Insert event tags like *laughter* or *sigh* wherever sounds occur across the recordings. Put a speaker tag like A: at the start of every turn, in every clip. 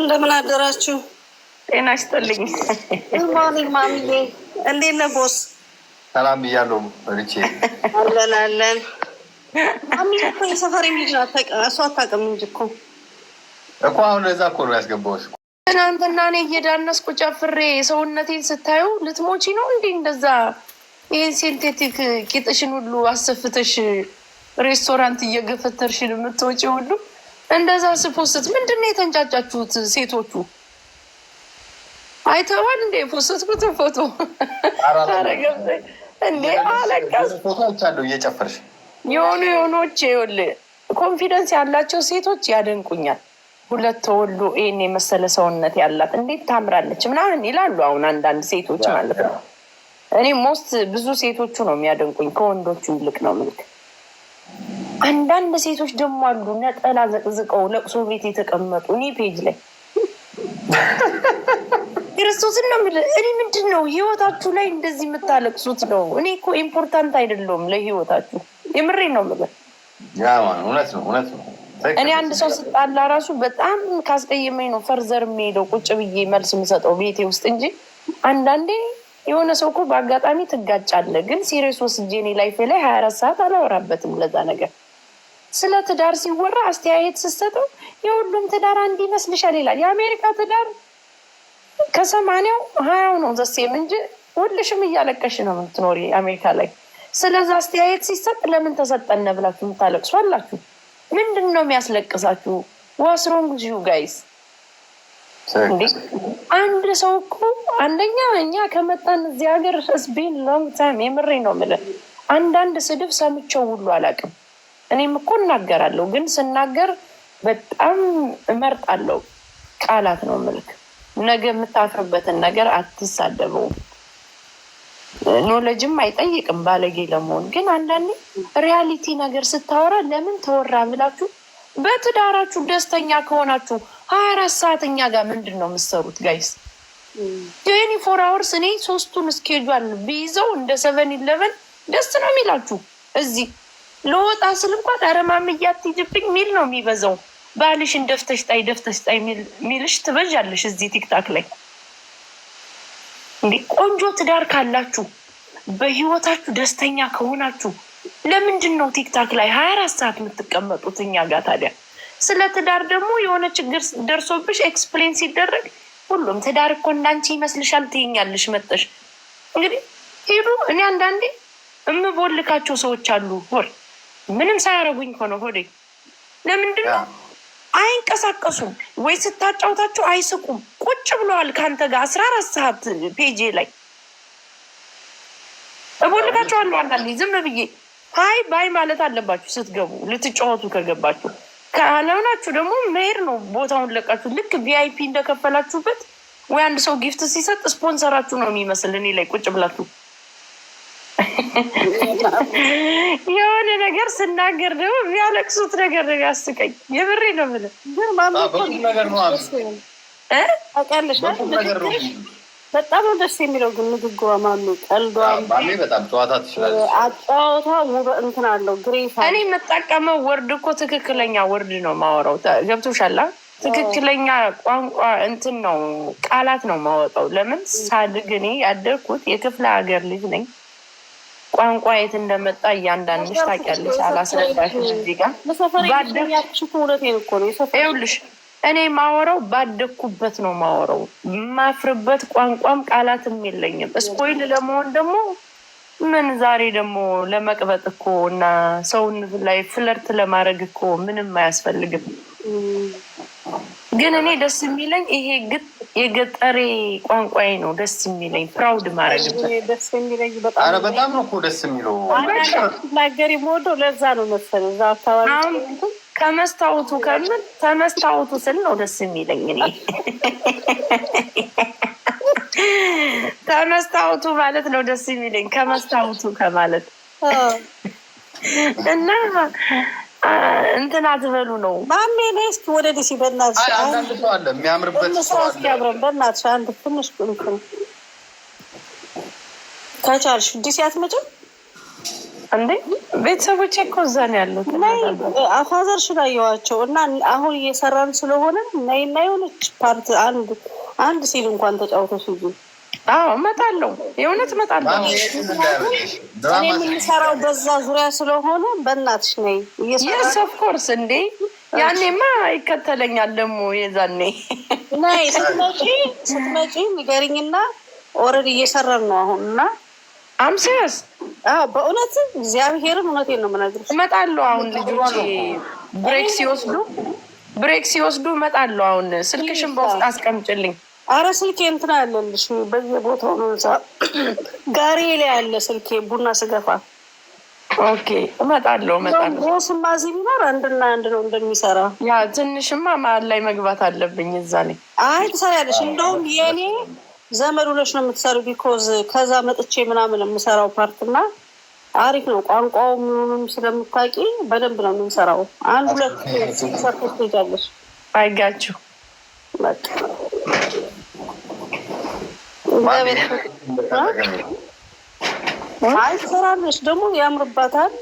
A: እንደምን አደራችሁ?
B: ጤና ይስጥልኝ።
A: ማሚዬ እንዴት ነህ? ቦስ
C: ሰላም ብያለሁ። በልቼ
A: አለን አለን። ማሚ እኮ የሰፈር ልጅ እሱ አታውቅም እንጂ እኮ
C: እኮ አሁን ለዛ እኮ ነው ያስገባዎች።
A: ትናንትና እኔ እየዳነስኩ ጨፍሬ ሰውነቴን ስታዩ ልትሞቺ ነው እንዴ? እንደዛ ይህን ሴንቴቲክ ቂጥሽን ሁሉ አሰፍተሽ ሬስቶራንት እየገፈተርሽን የምትወጪ ሁሉ እንደዛ ስፖስት ምንድን ነው የተንጫጫችሁት? ሴቶቹ አይተዋል እንዴ? ፖስትኩትን ፎቶ እንዴ እየጨፈርሽ የሆኑ የሆኖች ይል ኮንፊደንስ ያላቸው ሴቶች ያደንቁኛል። ሁለት ተወልዶ ይህን የመሰለ ሰውነት ያላት እንዴት ታምራለች ምናምን ይላሉ። አሁን አንዳንድ ሴቶች ማለት ነው። እኔ ሞስት ብዙ ሴቶቹ ነው የሚያደንቁኝ ከወንዶቹ ይልቅ ነው ምልክ አንዳንድ ሴቶች ደግሞ አሉ ነጠላ ዘቅዝቀው ለቅሶ ቤት የተቀመጡ እኔ ፔጅ ላይ ክርስቶስን ነው የምልህ። እኔ ምንድን ነው ህይወታችሁ ላይ እንደዚህ የምታለቅሱት ነው? እኔ እኮ ኢምፖርታንት አይደለውም ለህይወታችሁ። የምሬ ነው የምልህ።
C: እውነት ነው እውነት ነው።
A: እኔ አንድ ሰው ስጣላ ራሱ በጣም ካስቀየመኝ ነው ፈርዘር የሚሄደው ቁጭ ብዬ መልስ የምሰጠው ቤቴ ውስጥ እንጂ አንዳንዴ የሆነ ሰው እኮ በአጋጣሚ ትጋጫለህ፣ ግን ሲሪየስ ወስጄ እኔ ላይፌ ላይ ሀያ አራት ሰዓት አላወራበትም ለዛ ነገር ስለ ትዳር ሲወራ አስተያየት ስትሰጠው የሁሉም ትዳር አንድ ይመስልሻል ይላል። የአሜሪካ ትዳር ከሰማንያው ሀያው ነው ዘሴም እንጂ ሁልሽም እያለቀሽ ነው የምትኖሪ አሜሪካ ላይ። ስለዚ አስተያየት ሲሰጥ ለምን ተሰጠነ ብላችሁ የምታለቅሱ አላችሁ። ምንድን ነው የሚያስለቅሳችሁ? ዋስሮንግ ዚዩ ጋይስ አንድ ሰው እኮ አንደኛ እኛ ከመጣን እዚህ ሀገር ህዝቤን ሎንግ ታይም የምሬ ነው የምልህ አንዳንድ ስድብ ሰምቼው ሁሉ አላውቅም። እኔም እኮ እናገራለሁ፣ ግን ስናገር በጣም እመርጣለሁ። ቃላት ነው ምልክ ነገ የምታፍርበትን ነገር አትሳደበውም። ኖለጅም አይጠይቅም ባለጌ ለመሆን ግን አንዳንዴ ሪያሊቲ ነገር ስታወራ ለምን ተወራ ብላችሁ በትዳራችሁ ደስተኛ ከሆናችሁ ሀያ አራት ሰዓተኛ ጋር ምንድን ነው የምትሰሩት ጋይስ? ትዌንቲ ፎር አወርስ እኔ ሶስቱን እስኬጇል ብይዘው እንደ ሰቨን ኢለቨን ደስ ነው የሚላችሁ እዚህ ለወጣ ስል እንኳን ኧረ ማምዬ አትሂጂብኝ ሚል ነው የሚበዛው። ባልሽን ደፍተሽ ጣይ ደፍተሽ ጣይ ሚልሽ ትበዣለሽ። እዚህ ቲክታክ ላይ እንዴ ቆንጆ ትዳር ካላችሁ በህይወታችሁ ደስተኛ ከሆናችሁ ለምንድን ነው ቲክታክ ላይ ሀያ አራት ሰዓት የምትቀመጡት? እኛ ጋር ታዲያ ስለ ትዳር ደግሞ የሆነ ችግር ደርሶብሽ ኤክስፕሌን ሲደረግ ሁሉም ትዳር እኮ እንዳንቺ ይመስልሻል ትይኛለሽ መጠሽ እንግዲህ ሄዱ። እኔ አንዳንዴ እምቦልካቸው ሰዎች አሉ ወር ምንም ሳያረጉኝ እኮ ነው ሆዴ። ለምንድን ነው አይንቀሳቀሱም? ወይ ስታጫውታቸው አይስቁም። ቁጭ ብለዋል ከአንተ ጋር አስራ አራት ሰዓት ፔጄ ላይ እቦልካቸዋለሁ። አንዳንዴ ዝም ብዬ ሀይ ባይ ማለት አለባችሁ ስትገቡ፣ ልትጫወቱ ከገባችሁ። ከለምናችሁ ደግሞ መሄድ ነው ቦታውን ለቃችሁ። ልክ ቪአይፒ እንደከፈላችሁበት ወይ አንድ ሰው ጊፍት ሲሰጥ ስፖንሰራችሁ ነው የሚመስል እኔ ላይ ቁጭ ብላችሁ የሆነ ነገር ስናገር ደግሞ የሚያለቅሱት ነገር ነው ያስቀኝ። የብሬ ነው ምን በጣም ነው ደስ የሚለው። ግን ንግግሯ ማሚ ቀልዷ፣ አጫወታ እንትን አለው ግሬሳ። እኔ የምጠቀመው ወርድ እኮ ትክክለኛ ወርድ ነው ማወራው። ገብቶሻል? ትክክለኛ ቋንቋ እንትን ነው ቃላት ነው ማወጣው። ለምን ሳድግ እኔ ያደርኩት የክፍለ ሀገር ልጅ ነኝ ቋንቋ የት እንደመጣ እያንዳንድሽ ታውቂያለሽ። አላስረዳሽም ይኸውልሽ፣ እኔ ማወራው ባደግኩበት ነው ማወራው። የማፍርበት ቋንቋም ቃላትም የለኝም። እስኮይል ለመሆን ደግሞ ምን ዛሬ ደግሞ ለመቅበጥ እኮ እና ሰውን ላይ ፍለርት ለማድረግ እኮ ምንም አያስፈልግም። ግን እኔ ደስ የሚለኝ ይሄ ግጥ የገጠሬ ቋንቋዬ ነው ደስ የሚለኝ፣ ፕራውድ
C: ማድረግበት። በጣም ነው እኮ ደስ የሚለው
A: ናገር የምወደው ለዛ ነው መሰለኝ። እዛ አካባቢ ከመስታወቱ ከምን ከመስታወቱ ስል ነው ደስ የሚለኝ እኔ ከመስታወቱ ማለት ነው ደስ የሚለኝ ከመስታወቱ ከማለት እና እንትን አትበሉ ነው ማሜ ነ እስኪ ወደ ዲሲ በእናትሽ
C: አንድ ሰው አለ የሚያምርበት
A: ሰው እስኪ አብረን በእናትሽ አንድ ትንሽ እንትን ከቻልሽ ዲሲ አትመጭም እንዴ ቤተሰቦቼ እኮ እዛ ነው ያሉት አፋዘር ሽላየዋቸው እና አሁን እየሰራን ስለሆነ ነይና የሆነች ፓርት አንድ አንድ ሲል እንኳን ተጫውተሽ አዎ እመጣለሁ፣ የእውነት እመጣለሁ። እኔ የምንሰራው በዛ ዙሪያ ስለሆነ በእናትሽ ነይ። የስ ኦፍኮርስ እንዴ! ያኔማ ይከተለኛል ደግሞ የዛኔ። ነይ ስትመጪ ስትመጪ ንገሪኝና ኦልሬዲ እየሰራን ነው አሁን እና አምሴስ በእውነት እግዚአብሔርም እውነቴን ነው የምነግርሽ። እመጣለሁ አሁን ልጆች ብሬክ ሲወስዱ ብሬክ ሲወስዱ እመጣለሁ። አሁን ስልክሽን በውስጥ አስቀምጭልኝ። አረ ስልኬ እንትን አለልሽ በየቦታው መንዛ ጋሪ ላይ ያለ ስልኬ ቡና ስገፋ ኦኬ እመጣለሁ እመጣለሁ። ስማ እዚህ ቢኖር አንድና አንድ ነው እንደሚሰራ ያ ትንሽማ መሀል ላይ መግባት አለብኝ እዛ ላይ። አይ ትሰሪያለሽ። እንደውም የእኔ ዘመድ ሁለሽ ነው የምትሰሩ ቢኮዝ ከዛ መጥቼ ምናምን የምሰራው ፓርትና አሪፍ ነው። ቋንቋው ምንም ስለምታውቂ በደንብ ነው የምንሰራው። አንድ ሁለት ሰርቶ ትሄጃለሽ። አይጋችሁ አይ ትሰራለች፣ ደግሞ ያምርባታል።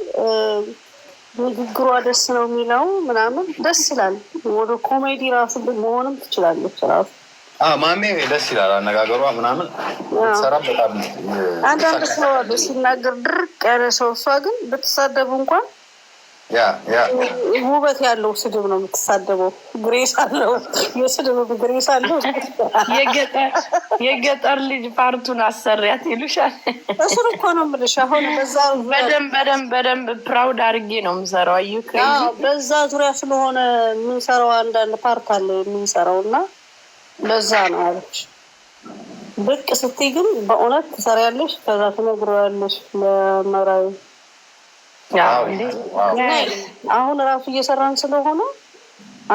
A: ንግግሯ ደስ ነው የሚለው ምናምን ደስ ይላል። ወደ ኮሜዲ ራሱ መሆንም ትችላለች። ራሱ
C: ማሜ ደስ ይላል አነጋገሯ ምናምን ሰራ። በጣም
A: አንዳንድ ሰው ሲናገር ድርቅ ያለ ሰው፣ እሷ ግን ብትሳደቡ እንኳን ውበት ያለው ስድብ ነው የምትሳደበው። ግሬስ አለው የስድብ ግሬስ አለው። የገጠር ልጅ ፓርቱን አሰሪያት ይሉሻል። እሱን እኮ ነው የምልሽ። አሁን በዛ በደንብ በደንብ በደንብ ፕራውድ አድርጌ ነው የምሰራው። አዩ በዛ ዙሪያ ስለሆነ የምንሰራው አንዳንድ ፓርት አለ የምንሰራው እና በዛ ነው አለች። ብቅ ስትይ ግን በእውነት ትሰሪያለሽ፣ ከዛ ትነግረዋለሽ ለመራዊ አሁን እራሱ እየሰራን ስለሆነ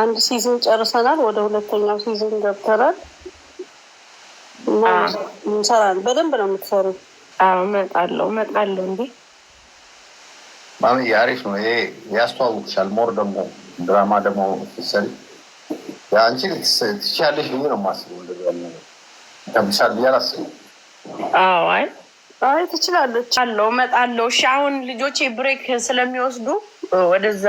A: አንድ ሲዝን ጨርሰናል። ወደ ሁለተኛው ሲዝን ገብተናል እና እንሰራለን። በደንብ ነው የምትሰሩ። እመጣለሁ እመጣለሁ። እንዴ
C: ማሚ አሪፍ ነው ይሄ ያስተዋውቅሻል። ሞር ደግሞ ድራማ ደግሞ ሰሪ አንቺ ትችያለሽ ብዬ ነው የማስበው። እንደዚያ ነው ተምሳል ብዬ አላስብም።
A: አይ አይ ትችላለች አለው እመጣለሁ። እሺ አሁን ልጆቼ ብሬክ ስለሚወስዱ ወደዛ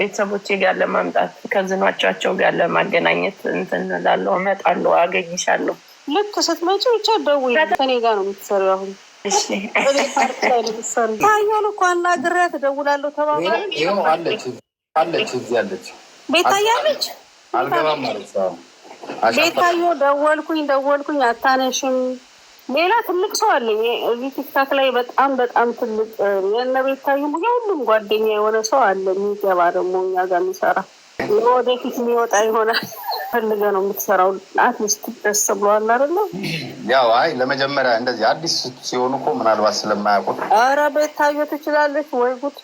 A: ቤተሰቦቼ ጋር ለማምጣት ከዝኗቸቸው ጋር ለማገናኘት እንትን እላለሁ። እመጣለሁ፣ አገኝሻለሁ። ልክ ስትመጪ ብቻ ደውይ። ከኔ ጋር ነው የምትሰሪው አሁን ታየውን እኮ አናግሬያት እደውላለሁ
C: ተባባሪ አለች
A: ቤታየ ደወልኩኝ ደወልኩኝ አታነሽም ሌላ ትልቅ ሰው አለኝ እዚህ ቲክታክ ላይ በጣም በጣም ትልቅ የእነ ቤታዩ የሁሉም ጓደኛ የሆነ ሰው አለ። የሚገባ ደግሞ እኛ ጋር የሚሰራ ወደፊት የሚወጣ ይሆናል። ፈልገ ነው የምትሰራው። አትሊስት ደስ ብለዋል አይደለ?
C: ያው አይ ለመጀመሪያ እንደዚህ አዲስ ሲሆኑ እኮ ምናልባት ስለማያውቁት፣
A: አረ ቤታዬ ትችላለች ወይ ጉድ!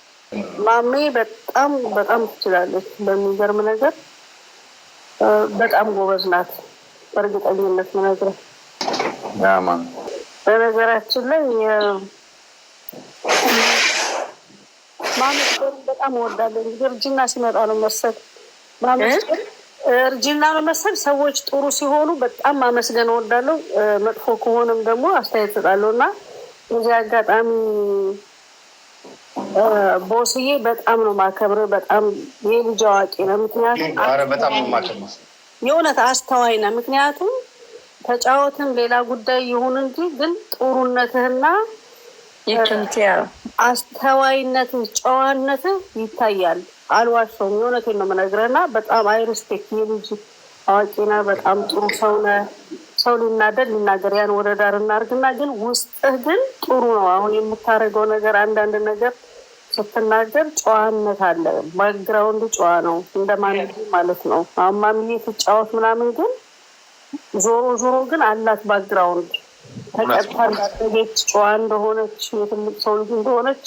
A: ማሜ በጣም በጣም ትችላለች። በሚገርም ነገር በጣም ጎበዝ ናት። በእርግጠኝነት መነግረህ በነገራችን ላይ ማመስገን በጣም እወዳለሁ። እንግዲህ እርጅና ሲመጣ ነው መሰል ማመስገን እርጅና ነው መሰል ሰዎች ጥሩ ሲሆኑ በጣም ማመስገን እወዳለሁ። መጥፎ ከሆንም ደግሞ አስተያየት እሰጣለሁ እና በዚህ አጋጣሚ ቦስዬ በጣም ነው ማከብረው። በጣም የልጅ አዋቂ ነው።
C: ምክንያቱም
A: የእውነት አስተዋይ ነው። ምክንያቱም ተጫወትን ሌላ ጉዳይ ይሁን እንጂ ግን ጥሩነትህና አስተዋይነትህ ጨዋነትህ ይታያል። አልዋሸሁም፣ የእውነቴን ነው የምነግርህና በጣም አይሪስፔክት የልጅ አዋቂ ነህ፣ በጣም ጥሩ ሰው ነህ። ሰው ሊናደድ ሊናገር ያን ወደ ዳር እናርግና ግን ውስጥህ ግን ጥሩ ነው። አሁን የምታደርገው ነገር አንዳንድ ነገር ስትናገር ጨዋነት አለ። ባክግራውንድ ጨዋ ነው እንደማን ማለት ነው። አማሚ ትጫወት ምናምን ግን ዞሮ ዞሮ ግን አላት ባክግራውንድ ተቀጥታ እንዳደገች ጨዋ እንደሆነች የትልቅ ሰው ልጅ እንደሆነች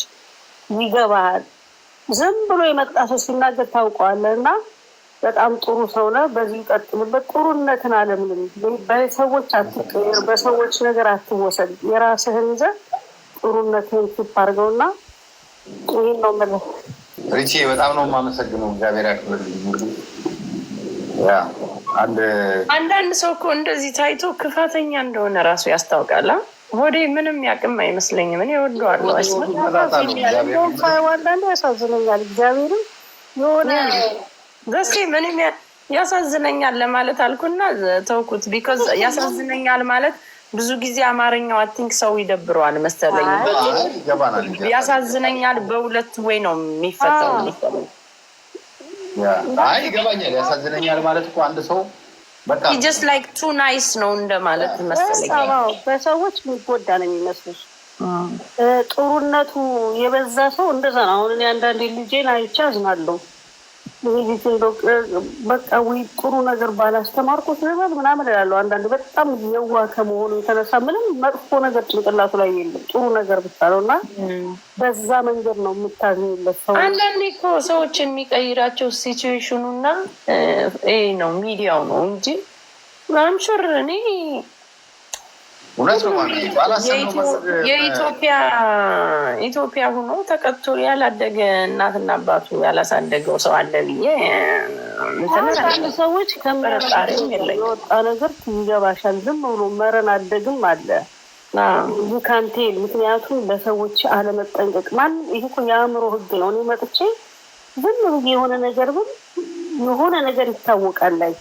A: ይገባሃል። ዝም ብሎ የመጣ ሰው ሲናገር ታውቀዋለህ። እና በጣም ጥሩ ሰው ነህ፣ በዚህ ቀጥልበት። ጥሩነትን አለምንም በሰዎች አትቀየር፣ በሰዎች ነገር አትወሰድ። የራስህን ይዘህ ጥሩነትን ኪፕ እና ይህን ነው የምልህ
C: ሪቼ። በጣም ነው የማመሰግነው። እግዚአብሔር ያክብርልኝ።
A: አንዳንድ ሰው እኮ እንደዚህ ታይቶ ክፋተኛ እንደሆነ ራሱ ያስታውቃል። ሆዴ ምንም ያቅም አይመስለኝም። እኔ እወደዋለሁ። አንዳንዱ ያሳዝነኛል። እግዚአብሔርም የሆነ ደሴ ምንም ያሳዝነኛል ለማለት አልኩና ተውኩት። ቢኮዝ ያሳዝነኛል ማለት ብዙ ጊዜ አማርኛው አቲንክ ሰው ይደብረዋል መሰለኝ። ያሳዝነኛል በሁለት ወይ ነው የሚፈጠው
C: አይ ይገባኛል። ያሳዝነኛል ማለት እኮ አንድ ሰው
A: ጀስት ላይክ ቱ ናይስ ነው እንደማለት መሰለኝ። በሰዎች የሚጎዳ ነው የሚመስልሽ ጥሩነቱ የበዛ ሰው እንደዛ ነው። አሁን እኔ አንዳንዴ ልጄን አይቼ አዝናለሁ። በቃ ወይ ጥሩ ነገር ባላስተማርኩ ነበር ምናምን እላለሁ። አንዳንድ በጣም የዋ ከመሆኑ የተነሳ ምንም መጥፎ ነገር ጭንቅላቱ ላይ የለም ጥሩ ነገር ብቻ ነው እና በዛ መንገድ ነው የምታገኝለት ሰው። አንዳንዴ እኮ ሰዎች የሚቀይራቸው ሲትዌሽኑና እና ይሄ ነው ሚዲያው ነው እንጂ አምሹር እኔ የኢትዮጵያ ሆኖ ተቀጥቶ ያላደገ እናትና አባቱ ያላሳደገው ሰው አለ ብዬ ሰዎች የወጣ ነገር ይገባሻል። ዝም ብሎ መረን አደግም አለ ካንቴል ምክንያቱም ለሰዎች አለመጠንቀቅ ማን ይህ የአእምሮ ህግ ነው። እኔ መጥቼ ዝም ብዬ የሆነ ነገር ግን የሆነ ነገር ይታወቃል ላይ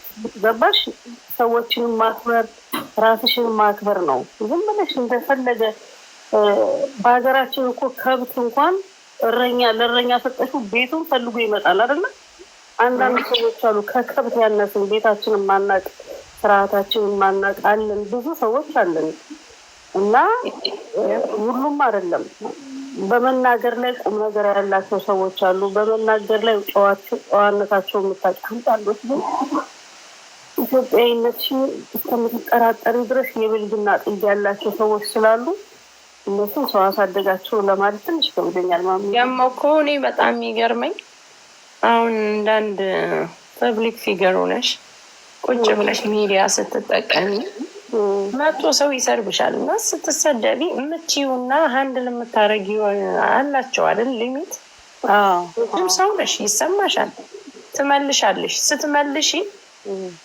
A: ገባሽ? ማክበር ራስሽን ማክበር ነው። ዝም ብለሽ እንደፈለገ በሀገራችን እኮ ከብት እንኳን እረኛ ለእረኛ ሰጠሹ ቤቱን ፈልጎ ይመጣል አይደለ? አንዳንድ ሰዎች አሉ ከከብት ያነስን ቤታችንን ማናቅ ስርዓታችንን ማናቅ አለን ብዙ ሰዎች አለን እና ሁሉም አይደለም። በመናገር ላይ ቁም ነገር ያላቸው ሰዎች አሉ። በመናገር ላይ ጨዋነታቸው የምታጫምጥ ግን ኢትዮጵያዊነት እስከምትጠራጠሪ ድረስ የብልግና ጥግ ያላቸው ሰዎች ስላሉ እነሱም ሰው አሳደጋቸው ለማለት ትንሽ ከብደኛል። ማ ያማ ከሆኔ በጣም የሚገርመኝ አሁን እንዳንድ ፐብሊክ ፊገር ሆነሽ ቁጭ ብለሽ ሚዲያ ስትጠቀሚ መቶ ሰው ይሰርብሻል እና ስትሰደቢ የምትዩና ሀንድል የምታረጊ አላቸው አይደል? ሊሚት ድም ሰው ነሽ፣ ይሰማሻል፣ ትመልሻለሽ። ስትመልሽ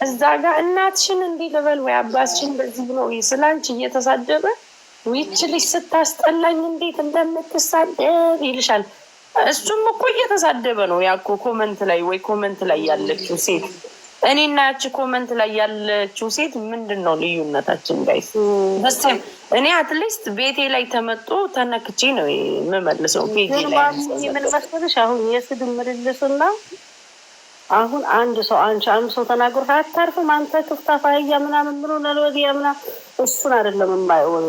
A: እዛ ጋር እናትሽን እንዲህ ልበል ወይ አባትሽን በዚህ ብሎ ስላንች እየተሳደበ ይቺ ልጅ ስታስጠላኝ እንዴት እንደምትሳደብ ይልሻል። እሱም እኮ እየተሳደበ ነው ያኮ ኮመንት ላይ ወይ ኮመንት ላይ ያለችው ሴት እኔ እና ያቺ ኮመንት ላይ ያለችው ሴት ምንድን ነው ልዩነታችን? ጋይስ እኔ አትሊስት ቤቴ ላይ ተመጦ ተነክቼ ነው የምመልሰው። ምን መሰለሽ አሁን የስድብ ምልልሱና አሁን አንድ ሰው አንቺ አንድ ሰው ተናግሮ አታርፍም አንተ ክፍታፋያ ምናምን ብሎ ለልወዲያ ምና እሱን አይደለም የማይሆኑ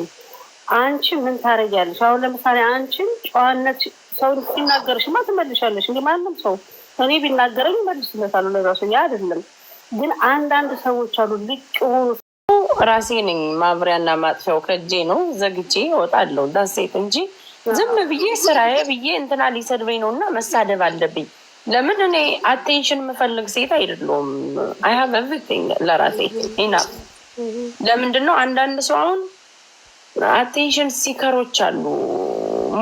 A: አንቺ ምን ታደርጊያለሽ? አሁን ለምሳሌ አንቺን ጨዋነት ሰው ሲናገርሽማ ትመልሻለሽ። እንዲ ማንም ሰው እኔ ቢናገረኝ መልስለታለሁ። ለራሱ ያ አይደለም ግን አንዳንድ ሰዎች አሉ ልቅ የሆኑ ራሴ ነኝ ማብሪያና ማጥፊያው ከእጄ ነው ዘግቼ እወጣለሁ ዳሴት እንጂ ዝም ብዬ ስራዬ ብዬ እንትና ሊሰድበኝ ነው እና መሳደብ አለብኝ። ለምን እኔ አቴንሽን የምፈልግ ሴት አይደለሁም። አይሀብ ኤቭሪቲንግ ለራሴ ኢና ለምንድን ነው አንዳንድ ሰው አሁን አቴንሽን ሲከሮች አሉ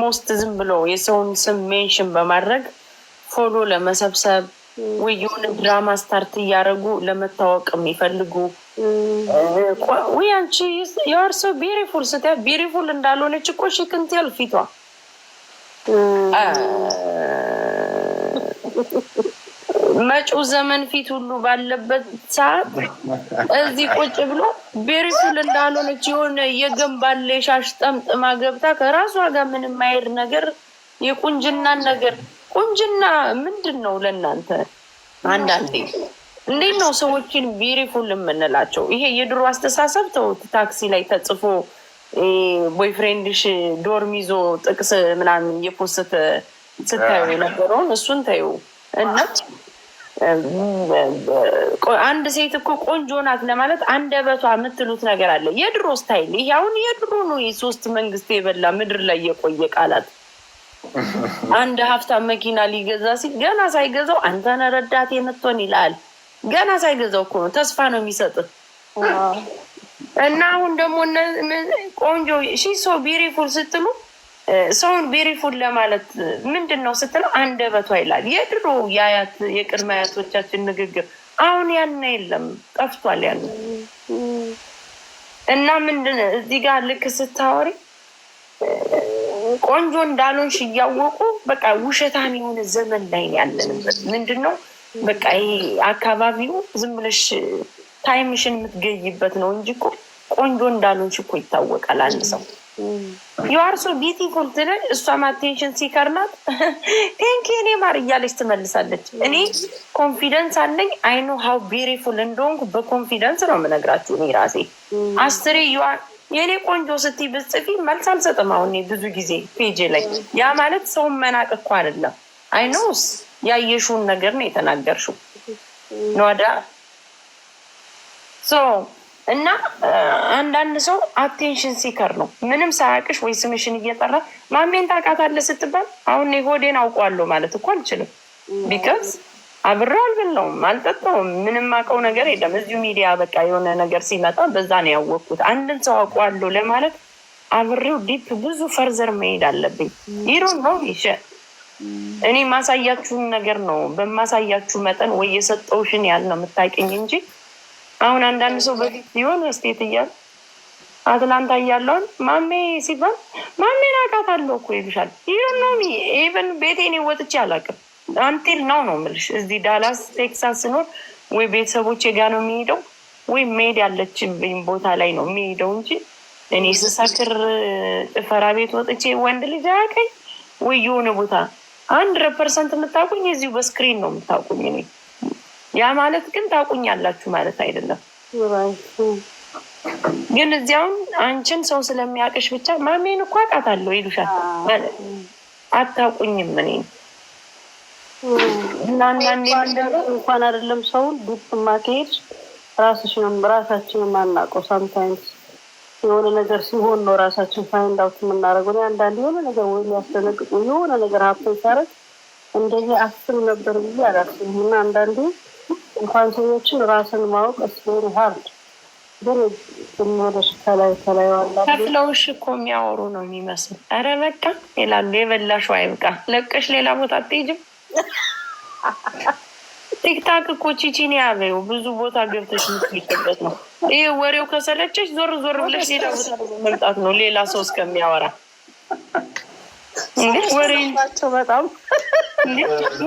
A: ሞስት ዝም ብሎ የሰውን ስም ሜንሽን በማድረግ ፎሎ ለመሰብሰብ ወይ የሆነ ድራማ ስታርት እያደረጉ ለመታወቅ የሚፈልጉ ወይ አንቺ የዋር ሰው ቢሪፉል ስት ቢሪፉል እንዳልሆነች እኮ ሽክንት ያል ፊቷ መጪው ዘመን ፊት ሁሉ ባለበት ሰዓት እዚህ ቁጭ ብሎ ቤሪፉል እንዳልሆነች የሆነ የገንባለ የሻሽ ጠምጥማ ገብታ ከራሷ ጋር ምንም አይር ነገር የቁንጅናን ነገር ቁንጅና ምንድን ነው ለእናንተ? አንዳንዴ እንዴት ነው ሰዎችን ቢሪፉል የምንላቸው? ይሄ የድሮ አስተሳሰብ ተውት። ታክሲ ላይ ተጽፎ ቦይፍሬንድሽ ዶርም ይዞ ጥቅስ ምናምን እየፖስተ ስታዩ የነበረውን እሱን ታዩ እና አንድ ሴት እኮ ቆንጆ ናት ለማለት አንደበቷ የምትሉት ነገር አለ። የድሮ ስታይል ይሄ አሁን የድሮ ነው። የሶስት መንግስት የበላ ምድር ላይ የቆየ ቃላት አንድ ሀብታም መኪና ሊገዛ ሲል ገና ሳይገዛው አንተነ ረዳት የምትሆን ይላል። ገና ሳይገዛው እኮ ነው ተስፋ ነው የሚሰጥ። እና አሁን ደግሞ ቆንጆ ሺ ሰው ቢሪፉል ስትሉ ሰውን ቢሪፉል ለማለት ምንድን ነው ስትለው አንደበቷ ይላል። የድሮ የአያት የቅድመ አያቶቻችን ንግግር አሁን ያነ የለም ጠፍቷል። ያነ እና ምንድን እዚህ ጋር ልክ ስታወሪ ቆንጆ እንዳልሆንሽ እያወቁ በቃ ውሸታም የሆነ ዘመን ላይ ያለንበት ምንድን ነው? በቃ ይሄ አካባቢው ዝም ብለሽ ታይምሽን የምትገይበት ነው እንጂ እኮ ቆንጆ እንዳልሆንሽ እኮ ይታወቃል። አንድ ሰው ዩአርሶ ቢቲፉል ትለን እሷም አቴንሽን ሲከርናት ቴንኪ እኔ ማር እያለች ትመልሳለች። እኔ ኮንፊደንስ አለኝ አይኖ ሀው ቢሪፉል እንደሆንኩ በኮንፊደንስ ነው የምነግራችሁ እኔ ራሴ አስሬ ዩአር የእኔ ቆንጆ ስቲ ብጽፊ መልስ አልሰጥም። አሁን ብዙ ጊዜ ፔጅ ላይ ያ ማለት ሰውን መናቅ እኮ አይደለም። አይኖስ ያየሽውን ነገር ነው የተናገርሽው። ነዳ እና አንዳንድ ሰው አቴንሽን ሲከር ነው። ምንም ሳያቅሽ ወይ ስምሽን እየጠራ ማሜን ታውቃታለህ ስትባል አሁን ሆዴን አውቋለሁ ማለት እኮ አልችልም ቢካዝ አብሬ አልበላውም፣ አልጠጣውም፣ ምንም አውቀው ነገር የለም። እዚሁ ሚዲያ በቃ የሆነ ነገር ሲመጣ በዛ ነው ያወቅኩት። አንድን ሰው አውቀዋለሁ ለማለት አብሬው ዲፕ ብዙ ፈርዘር መሄድ አለብኝ። ይሮ ነው ይሸ እኔ ማሳያችሁን ነገር ነው በማሳያችሁ መጠን ወይ የሰጠውሽን ያህል ነው የምታውቂኝ እንጂ አሁን አንዳንድ ሰው በፊት ሲሆን ስቴት እያል አትላንታ እያለውን ማሜ ሲባል ማሜን አውቃታለሁ እኮ ይልሻል። ይሮ ነው ኢቨን ቤቴን ወጥቼ አላውቅም አንቲል ነው ነው የምልሽ። እዚህ ዳላስ ቴክሳስ ስኖር ወይ ቤተሰቦቼ ጋር ነው የሚሄደው ወይ መሄድ ያለችብኝ ቦታ ላይ ነው የሚሄደው እንጂ እኔ ስሳክር ጭፈራ ቤት ወጥቼ ወንድ ልጅ አያውቀኝ ወይ የሆነ ቦታ ሀንድረድ ፐርሰንት የምታውቁኝ እዚሁ በስክሪን ነው የምታውቁኝ። እኔ ያ ማለት ግን ታውቁኝ ያላችሁ ማለት አይደለም። ግን እዚያውን አንቺን ሰው ስለሚያውቅሽ ብቻ ማሜን እኮ አውቃታለሁ ይሉሻል። አታውቁኝም እኔ እና እናንዴ እንኳን አይደለም ሰውን ዱብ ማትሄድ ራስሽንም ራሳችንም አናውቀው። ሳምታይምስ የሆነ ነገር ሲሆን ነው ራሳችን ፋይንድ አውት የምናደርገው። አንዳንድ የሆነ ነገር ወይ ያስደነግጡ የሆነ ነገር ሀብተን ሲያደርግ እንደዚህ አስብ ነበር ብዬ አላስብም። እና አንዳንዴ እንኳን ሰዎችን ራስን ማወቅ እስፔሪ ሀርድ ግን ወደሽ ከላይ ከላይ ከፍለውሽ እኮ የሚያወሩ ነው የሚመስል። ኧረ በቃ ይላሉ። የበላሽው አይብቃ ለቀሽ ሌላ ቦታ አትሄጂም ቲክታክ እኮ ቺቺን ያበው ብዙ ቦታ ገብተሽ የምትሄድበት ነው። ይህ ወሬው ከሰለቸች ዞር ዞር ብለሽ ሌላ ቦታ መምጣት ነው። ሌላ ሰው እስከሚያወራ ወሬቸው በጣም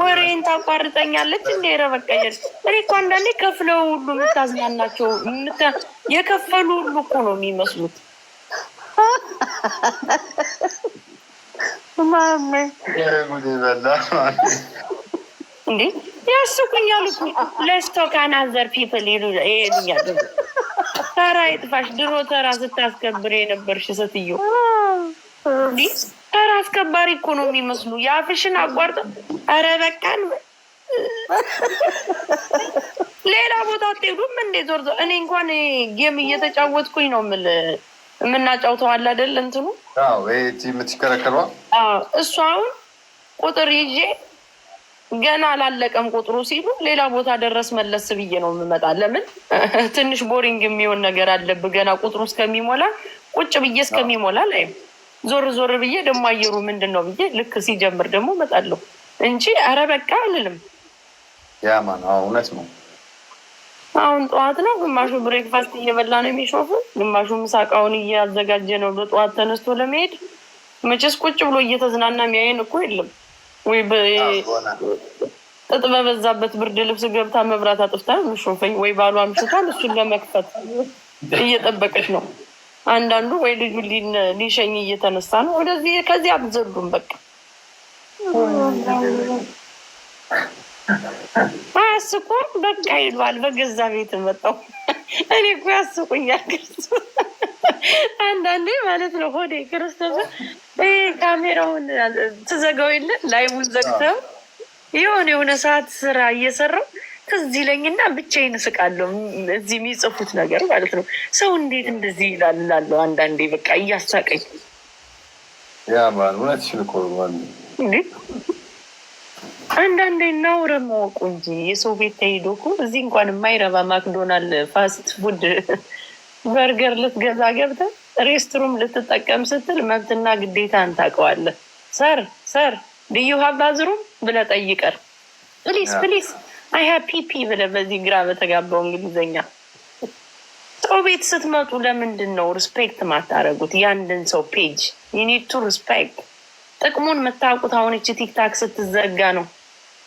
A: ወሬን ታቋርጠኛለች። እንደ ረበቀየር እኔ እኮ አንዳንዴ ከፍለው ሁሉ የምታዝናናቸው የከፈሉ ሁሉ እኮ ነው የሚመስሉት። እንዴ ያስቁኛል እኮ አናዘር ፒፕል ይሉኛል። ተራ ይጥፋሽ። ድሮ ተራ ስታስከብር የነበርሽ ሴትዮ ተራ አስከባሪ እኮ ነው የሚመስሉ። የአፍሽን አቋርጠ ኧረ በቃን። ሌላ ቦታ አትሄዱም እንዴ? ዞር ዞር። እኔ እንኳን ጌም እየተጫወትኩኝ ነው የምልህ የምናጫውተው አለ አይደል? እንትኑ
C: የምትሽከረከሯ
A: እሱ አሁን ቁጥር ይዤ ገና አላለቀም ቁጥሩ ሲሉ ሌላ ቦታ ደረስ መለስ ብዬ ነው የምመጣ። ለምን *laughs* ትንሽ ቦሪንግ የሚሆን ነገር አለብ። ገና ቁጥሩ እስከሚሞላ ቁጭ ብዬ እስከሚሞላ ላይ ዞር ዞር ብዬ ደግሞ አየሩ ምንድን ነው ብዬ ልክ ሲጀምር ደግሞ እመጣለሁ እንጂ ኧረ በቃ አልልም።
C: ያማ እውነት ነው።
A: አሁን ጠዋት ነው። ግማሹ ብሬክፋስት እየበላ ነው የሚሾፍ፣ ግማሹ ምሳቃውን እያዘጋጀ ነው በጠዋት ተነስቶ ለመሄድ። መቼስ ቁጭ ብሎ እየተዝናና የሚያየን እኮ የለም ወይ? ጥጥ በበዛበት ብርድ ልብስ ገብታ መብራት አጥፍታ ምሾፈኝ ወይ ባሏ ምሽቷል፣ እሱን ለመክፈት እየጠበቀች ነው። አንዳንዱ ወይ ልጁ ሊሸኝ እየተነሳ ነው። ወደዚህ ከዚህ አትዘሉም በቃ አያስቆ በቃ ይሏል። በገዛ ቤት መጣው። እኔ እኮ ያስቁኛል። ክርስቶስ አንዳንዴ ማለት ነው ሆዴ ክርስቶስ ካሜራውን ትዘጋው የለ ላይቡን ዘግተው የሆነ የሆነ ሰዓት ስራ እየሰራው ከዚህ ለኝና ብቻዬን እስቃለሁ። እዚህ የሚጽፉት ነገር ማለት ነው። ሰው እንዴት እንደዚህ ይላል እላለሁ አንዳንዴ በቃ እያሳቀኝ
C: ያ ማን እውነት
A: አንዳንዴ እናውረ ማወቁ እንጂ የሰው ቤት ተሄዶ እኮ እዚህ እንኳን የማይረባ ማክዶናል ፋስት ፉድ በርገር ልትገዛ ገብተ ሬስትሩም ልትጠቀም ስትል መብትና ግዴታ እንታውቀዋለን። ሰር ሰር ድዩ ሀባዝሩም ብለ ጠይቀር ፕሊስ ፕሊስ አይሃ ፒፒ ብለ በዚህ ግራ በተጋባው እንግሊዘኛ ሰው ቤት ስትመጡ ለምንድን ነው ሪስፔክት ማታደረጉት? ያንድን ሰው ፔጅ ዩኒድ ቱ ሪስፔክት ጥቅሙን የምታውቁት አሁን እቺ ቲክታክ ስትዘጋ ነው።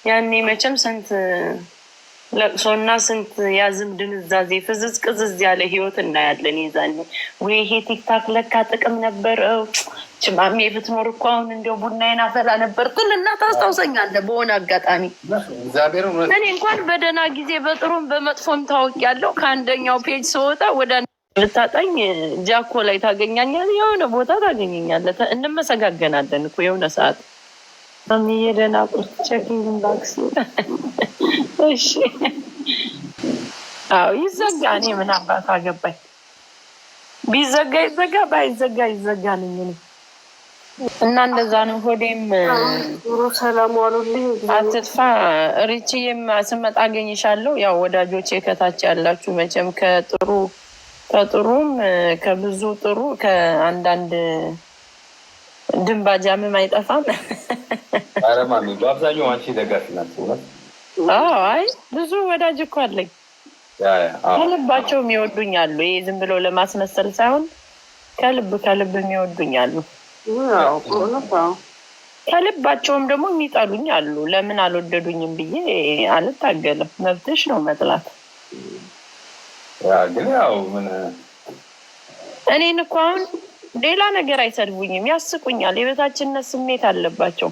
A: ያኔ መቼም ስንት ለቅሶና ስንት ያዝም ድንዛዜ ፍዝዝ ቅዝዝ ያለ ህይወት እናያለን። ይዛለ ወይ ይሄ ቲክታክ ለካ ጥቅም ነበረው። ችማሜ የፍትኖር እኮ አሁን እንዲያው ቡናዬን አፈላ ነበር ትል እና ታስታውሰኛለህ። በሆነ አጋጣሚ እኔ እንኳን በደህና ጊዜ በጥሩም በመጥፎም ታወቅ ያለው ከአንደኛው ፔጅ ስወጣ ወደ ልታጣኝ ጃኮ ላይ ታገኛኛለህ፣ የሆነ ቦታ ታገኘኛለህ። እንመሰጋገናለን እኮ የሆነ ሰዓት የደናቁር ቸኪንግ ባክስ እሺ፣ አዎ ይዘጋ። እኔ ምን አባት አገባኝ? ቢዘጋ ይዘጋ፣ ባይዘጋ ይዘጋልኝ። እና እንደዛ ነው። ሆዴም ሰላም ዋሉልኝ። አትጥፋ ሪችዬም ስመጣ አገኝሻለሁ። ያው ወዳጆቼ ከታች ያላችሁ መቼም ከጥሩ ከጥሩም ከብዙ ጥሩ ከአንዳንድ ድንባ ጃምም አይጠፋም።
C: ኧረ ማሚ በአብዛኛው አንቺ ደጋፊ ናት።
A: አይ ብዙ ወዳጅ እኮ አለኝ። ከልባቸው የሚወዱኝ አሉ። ይሄ ዝም ብሎ ለማስመሰል ሳይሆን ከልብ ከልብ የሚወዱኝ አሉ። ከልባቸውም ደግሞ የሚጠሉኝ አሉ። ለምን አልወደዱኝም ብዬ አልታገልም። መብትሽ ነው መጥላት።
C: ግን ያው ምን
A: እኔን እኮ አሁን ሌላ ነገር አይሰድቡኝም፣ ያስቁኛል። የበታችነት ስሜት አለባቸው።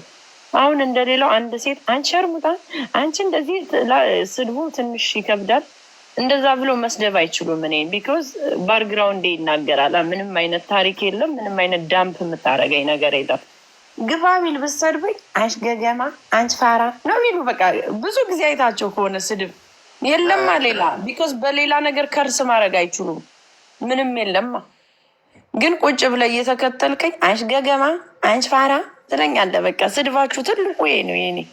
A: አሁን እንደሌላው አንድ ሴት አንቺ ሸርሙጣ፣ አንቺ እንደዚህ ስድቡ ትንሽ ይከብዳል። እንደዛ ብሎ መስደብ አይችሉም። እኔ ቢኮዝ ባርግራውንዴ ይናገራል። ምንም አይነት ታሪክ የለም። ምንም አይነት ዳምፕ የምታደርገኝ ነገር የለም። ግፋ ሚል ብትሰድበኝ አንቺ ገገማ፣ አንቺ ፋራ ነው የሚሉ። በቃ ብዙ ጊዜ አይታቸው ከሆነ ስድብ የለማ ሌላ ቢኮዝ በሌላ ነገር ከርስ ማድረግ አይችሉም። ምንም የለማ ግን ቁጭ ብለህ እየተከተልከኝ አንሽ ገገማ፣ አንሽ ፋራ ትለኛለህ። በቃ ስድባችሁ ትልቁ ይሄ ነው